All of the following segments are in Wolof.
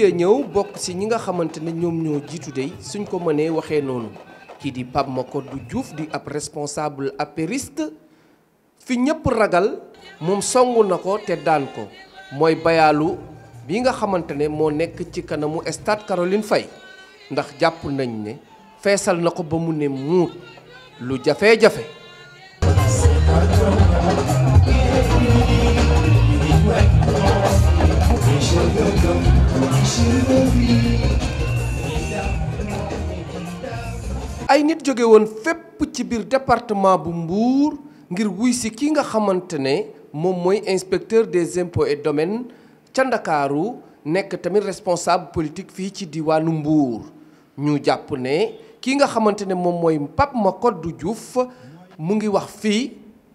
cee ñëw bokk si ñi nga xamante ne ñoom ñoo jiitu dey suñ ko mënee waxee noonu kii di ko du juuf di ab responsable apériste fi ñëpp ragal moom song na ko te daan ko mooy bayaalu bi nga xamante ne moo nekk ci kanamu stade Caroline fay ndax jàpp nañ ne feesal na ko ba mu ne muut lu jafe-jafe ay nit joge won fépp ci bir département bu Mbour ngir wuy si ki nga xamantene mom moy inspecteur des impôts et domaines ci Ndakaaru nek tamit responsable politique fi ci diwaanu Mbour ñu japp ne ki nga xamantene mom moy pap Makodou Diouf mu ngi wax fi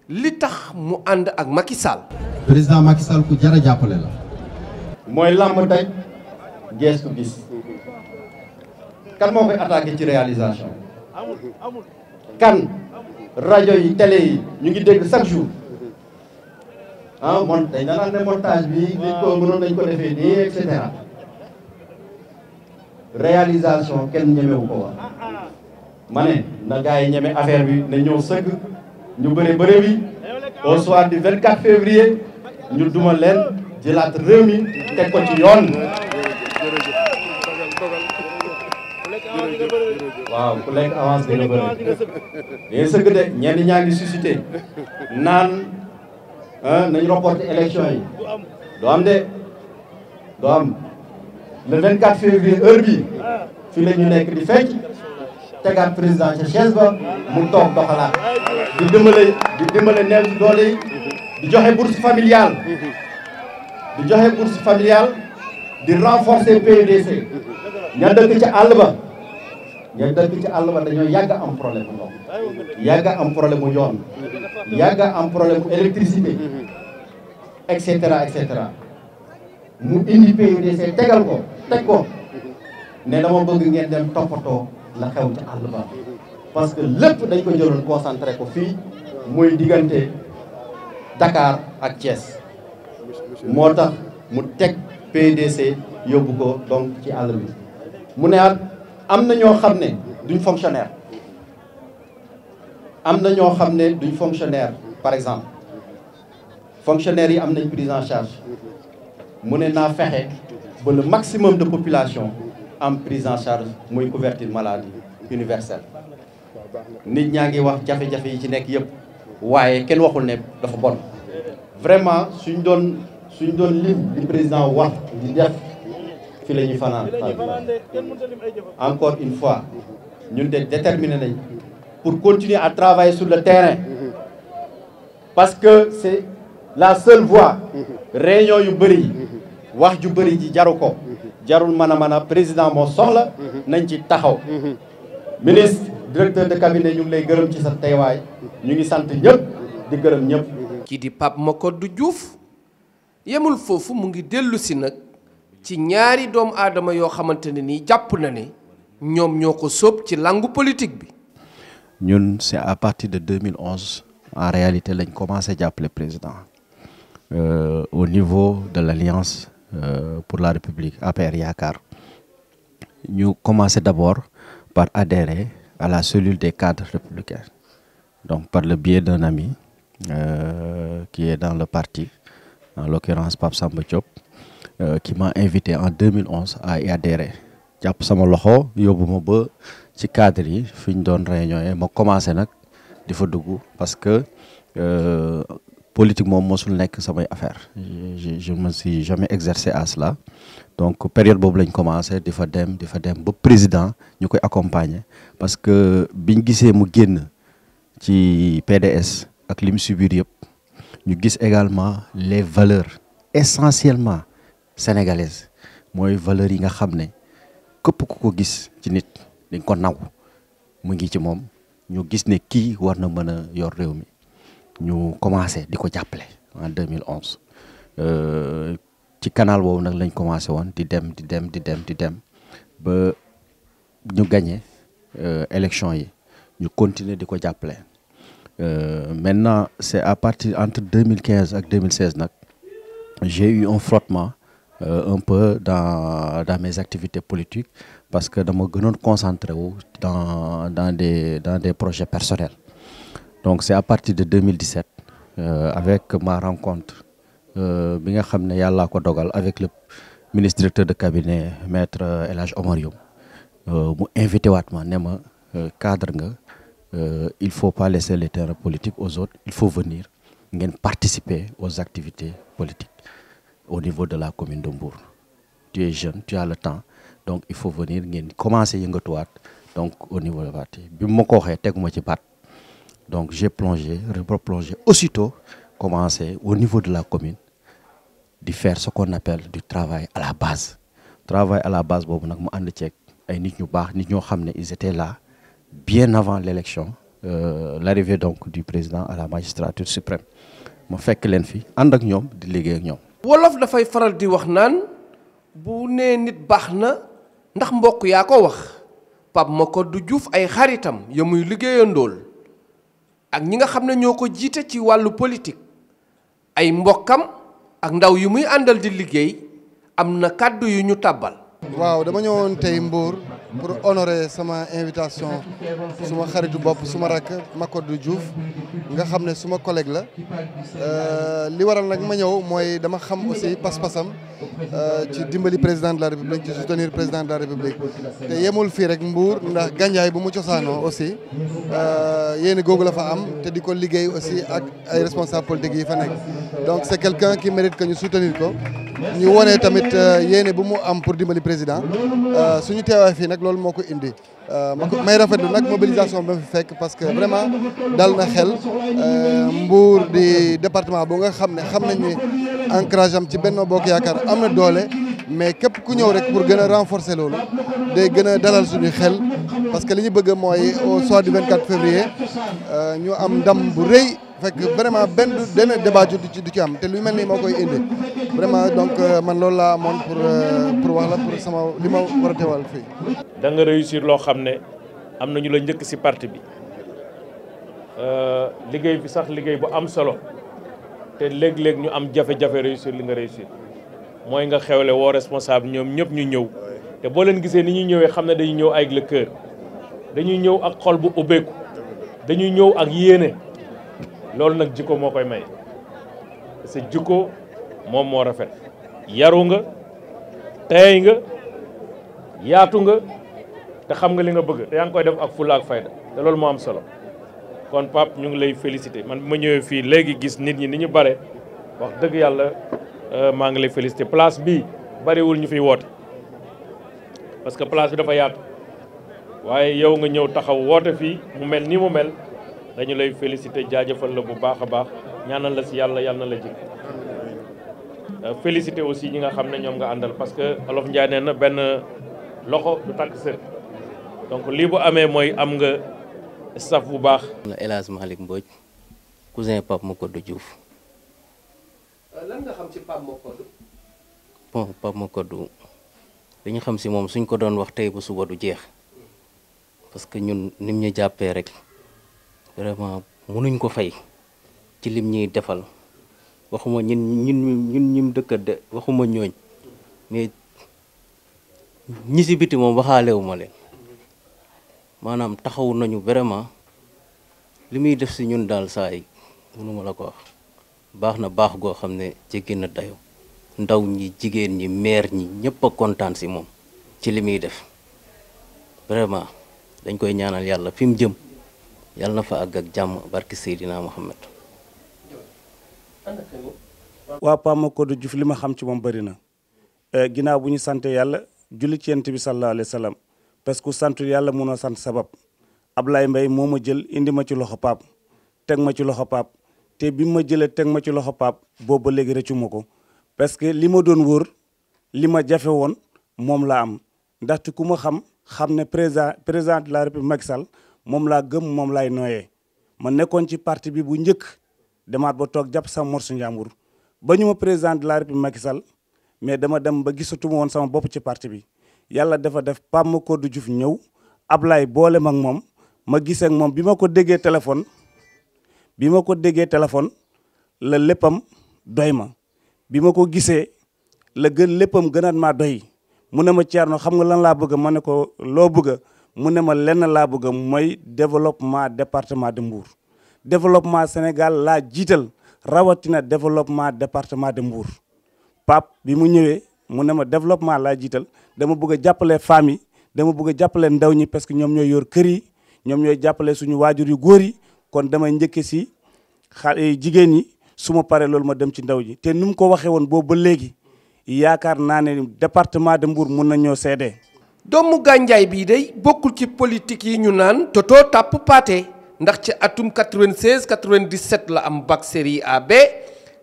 li tax mu and ak Macky président Macky ku jara jappale la. moy lamb daj. geestu gis kan moo koy attaqué ci réalisation kan rajo yi télé ñu ngi dégg chaque jour ah mon dañ naan ne montage bi dañ ko dañ ko defee nii et cetera réalisation kenn ñemewu ko wax ma na gars yi ñeme affaire bi na ñëw sëgg ñu bëre bëre bi au soir du 24 février ñu duma leen jëlaat réew mi teg ko ci yoon waaw ku lekk avance dina bëri dañuy sëgg de ñenn ñaa ngi suscité naan nañ reporté élection yi doo am de doo am le 24 février heure bi ah. fii la ñu nekk di fecc tegaat président ca chaise ba mu toog doxalaat ah. di dimbale di dimbale neew si doole yi di joxe bourse familiale di joxe bourse familiale di renforcer PUDC e ña dëkk ca àll ba ña dëkk ci àll ba dañoo yàgg am problème mu ndox yàgg am problème mu yoon yàgg am problème mu électricité et et cetera mu indi PUDC tegal ko teg ko ne dama bëgg ngeen dem toppatoo la xew ci àll ba parce que lépp dañ ko jëloon concentré ko fii muy diggante Dakar ak Thiès moo tax mu teg PUDC yóbbu ko donc ci àll bi mu ne at Il y ñoo des duñ fonctionnaire am na ñoo fonctionnaire par exemple fonctionnaires yi une prise en charge mu ne naa ba le maximum de population en prise en charge muy couverture maladie universelle nit ñaa ngi wax jafe-jafe yi ci ils ont dit kenn waxul ne dafa bon vraiment suñ doon donne doon livre du président wax fi encore une fois nous sommes déterminés pour continuer à travailler sur le terrain parce que c'est la seule voie réunion yu bëri yi wax ju Djaroko, ji Manamana, jarul président moo soxla nañ ci taxaw ministre directeur de cabinet ñu ngi lay gërëm ci sa nous ñu ngi sant ñëpp di gërëm ñëpp kii di Pape Makodou Diouf yemul foofu mu ngi dellu si ci c'est à partir de 2011 en réalité lañ commencé le président euh, au niveau de l'alliance euh, pour la république APR Nous ñu commencé d'abord par adhérer à la cellule des cadres républicains donc par le biais d'un ami euh, qui est dans le parti en l'occurrence Pape Samba Diop. Euh, qui m'a invité en 2011 à y adhérer jàpp sama loxo yóbbu ma ba ci cadre yi fi doon réunion et ma commencé nag di fa dugg parce que euh, politique moom mosul nekk samay affaire je ne me suis jamais exercé à cela donc période boobu lañ commencé di fa dem di dem ba président ñu accompagner parce que biñ gisee mu génn ci PDS ak li mu subir yëpp ñu également les valeurs essentiellement sénégalaise moy valeur yi nga xamné ne képp ku ko gis ci nit dañ ko naw mu ci ñu gis na commencé en 2011 euh, ci canal nak lañ commencé won di dem di dem di dem di gagné euh, élection yi ñu euh, maintenant c'est à partir entre 2015 et 2016 j'ai eu un frottement euh, un peu dans, dans, mes activités politiques parce que je me concentrer dans, dans, des, dans des projets personnels. Donc c'est à partir de 2017, euh, avec ma rencontre, euh, avec le ministre directeur de cabinet, maître Elage Omarium, euh, invité Watman, cadre, il ne faut pas laisser les terres politiques aux autres, il faut venir participer aux activités politiques au niveau de la commune de tu es jeune tu as le temps donc il faut venir commencer donc au niveau de la partie ma ko teguma ci donc j'ai plongé replongé aussitôt commencé au niveau de la commune de faire ce qu'on appelle du travail à la base travail à la base ils étaient là bien avant l'élection euh, l'arrivée donc du président à la magistrature suprême ma fait que fi ànd ak ñoom di wolof dafay faral di wax naan bu nee nit baax na ndax mbokk yaa ko wax ko du juuf ay xaritam ya muy liggéeyandool ak ñi nga xam ne ñoo ko jiite ci wàllu politique ay mbokkam ak ndaw yu muy àndal di liggéey am na kàddu yu ñu tàbbal waaw dama ñëwoon tey Mbour pour honorer sama invitation suma xaritu bop suma rak makodou Diouf nga xamné suma collègue la euh, li waral nak ma ñew moy dama xam aussi pas-pasam euh, ci dimbali président de la république ci soutenir président de la république té yémul fi rek mbour ndax gànjaay bu mu cosaanoo aussi euh, yéen gogou la fa am té diko ko liggéey aussi ak ay responsables politiques yi fa nek donc c'est quelqu'un qui mérite que ñu soutenir ko ñu wone tamit euh, yéene bu mu am pour dimbali président euh, suñu teewaay fii nag loolu moo ko indi euh, ma ko may rafetlu nag mobilisation bi ma fekk parce que vraiment dal na xel Mbour di département boo nga xam ne xam nañ ni ancrage am ci Benno Bokk Yaakaar am na doole mais képp ku ñëw rek pour gën a renforcer loolu day gën a dalal suñu xel parce que li ñu bëgg mooy au soir du 24 février euh, ñu am ndam bu rëy fekk vraiment benn benn débat du ci du ci am te lu mel nii moo koy indi vraiment donc euh, man loolu laa amoon pour euh, pour wax la pour sama li ma war a teewal fii. da nga réussir loo xam ne am na ñu la njëkk si parti bi liggéey bi sax liggéey bu am solo te léeg-léeg ñu am jafe-jafe réussir li nga réussir mooy nga xewle woo responsable ñoom ñëpp ñu ñëw. te boo leen gisee ni ñuy ñëwee xam ne dañuy ñëw avec le cœur dañuy ñëw ak xol bu ubbeeku dañuy ñëw ak yéene loolu nag jikko moo koy may sa jikko moom moo rafet yaru nga tey nga yaatu nga te xam nga li nga bëgg te yaa ngi koy def ak fulla ak fayda te loolu moo am solo kon Pape ñu ngi lay félicité man bi ma ñëwee fii léegi gis nit ñi ni ñu bare wax dëgg yàlla euh, maa ngi lay félicité place bii wul ñu fi woote parce que place bi dafa yaatu waaye yow nga ñëw taxaw woote fii mu mel nii mu mel dañu lay félicité jaajëfal la bu baax a baax ñaanal la si yàlla yàlla na la jik euh, félicité aussi ñi nga xam ne ñoom nga àndal parce que olof Ndiaye nee na benn loxo du tàkk sër donc lii bu amee mooy am nga saf bu baax. El Hadj Malick Mbodj cousin Pape Makodou Diouf. Euh, lan nga xam ci li xam si moom suñ ko doon wax tey ba suba du jeex parce que ñun nim ñu jàppee rek vraiment mënuñ ko fay ci lim ñuy defal waxuma ñun ñun ñun ñim dëkka de waxuma ñooñ mais ñi si biti moom waxaalewuma leen maanaam taxawu nañu vraiment li muy def si ñun daal saa yi mënuma la ko wax baax na baax goo xam ne jéggi na dayo ndaw ñi jigéen ñi maire ñi ñëpp kontaan si moom ci li muy def vraiment dañ koy ñaanal yàlla fi mu jëm yàlla na fa àgg jàmm barki Seydina Mohamed. waa Pape Makodou Diouf li ma xam ci moom bëri na eh, ginnaaw bu ñu sant yàlla julli ci yent bi sallallahu alayhi wa parce que sant yàlla a sant sabab ab Ablaye mbay moo ma jël indi ma ci loxo Pape teg ma ci loxo Pape te bi ma jëlee teg ma ci loxo Pape boobu ba léegi rëccu ma ko. parce que li ma doon wóor li ma jafe woon moom laa am ndaxte ku ma xam xam ne président président de la république Macky Sall moom laa gëm moom laay nooyee ma nekkoon ci parti bi bu njëkk demaat ba toog jàpp sama morsu njàmbur ba ñu ma président de la république Macky Sall mais dama dem ba gisatuma woon sama bopp ci parti bi yàlla dafa def Pam Codou Diouf ñëw Ablaye boole ma ak moom ma gis ak moom bi ma ko déggee téléphone bi ma ko déggee téléphone la léppam doy ma. bi ma ko gisee la gën léppam gënaat maa doy mu ne ma Thierno xam nga lan laa bëgg ma ne ko loo bëgg mu ne ma lenn laa bëgg mooy développement département de Mbour développement Sénégal laa jiital rawatina développement département de Mbour Pape bi mu ñëwee mu ne ma développement laa jiital dama bëgg jàppale femmes yi dama bëgg a jàppale ndaw ñi parce que ñoom ñooy yor kër yi ñoom ñooy jàppale suñu waajur yu góor yi kon dama njëkke si jigéen ñi suma paré paree ma dem ci ndaw ji te ni ko waxé won bo ba légui yaakaar naa département de Mbour mun ñoo cédé domou ganjay bi day bokul ci politique yi ñu naan toto tap paté ndax ci atum 96 97 la am bac série AB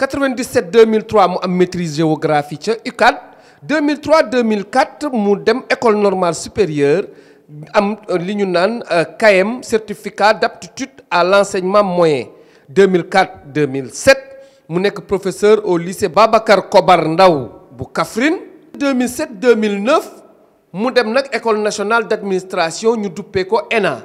97 2003 mu am maîtrise géographie ci UCAD 2003 2004 mu dem école normale supérieure am li ñu naan KM euh, certificat d'aptitude à l'enseignement moyen 2004 2007 mu nekk professeur au lycée Babacar Kobar Ndaw bu Kaffrine 2007 2009 mu dem nag école nationale d'administration ñu duppee ko ENA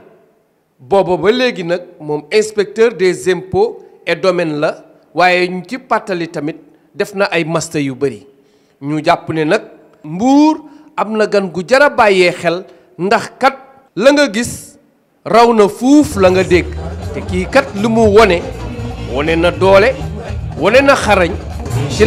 booba ba léegi nag moom inspecteur des impôts et domaines la waaye ñu ci pàttali tamit def na ay master yu bëri ñu jàpp ne nag mbuur am na gan gu jara bàyyee xel ndax kat la nga gis raw na fuuf la nga dégg te kii kat lu mu wone wone na doole wone na xarañ ci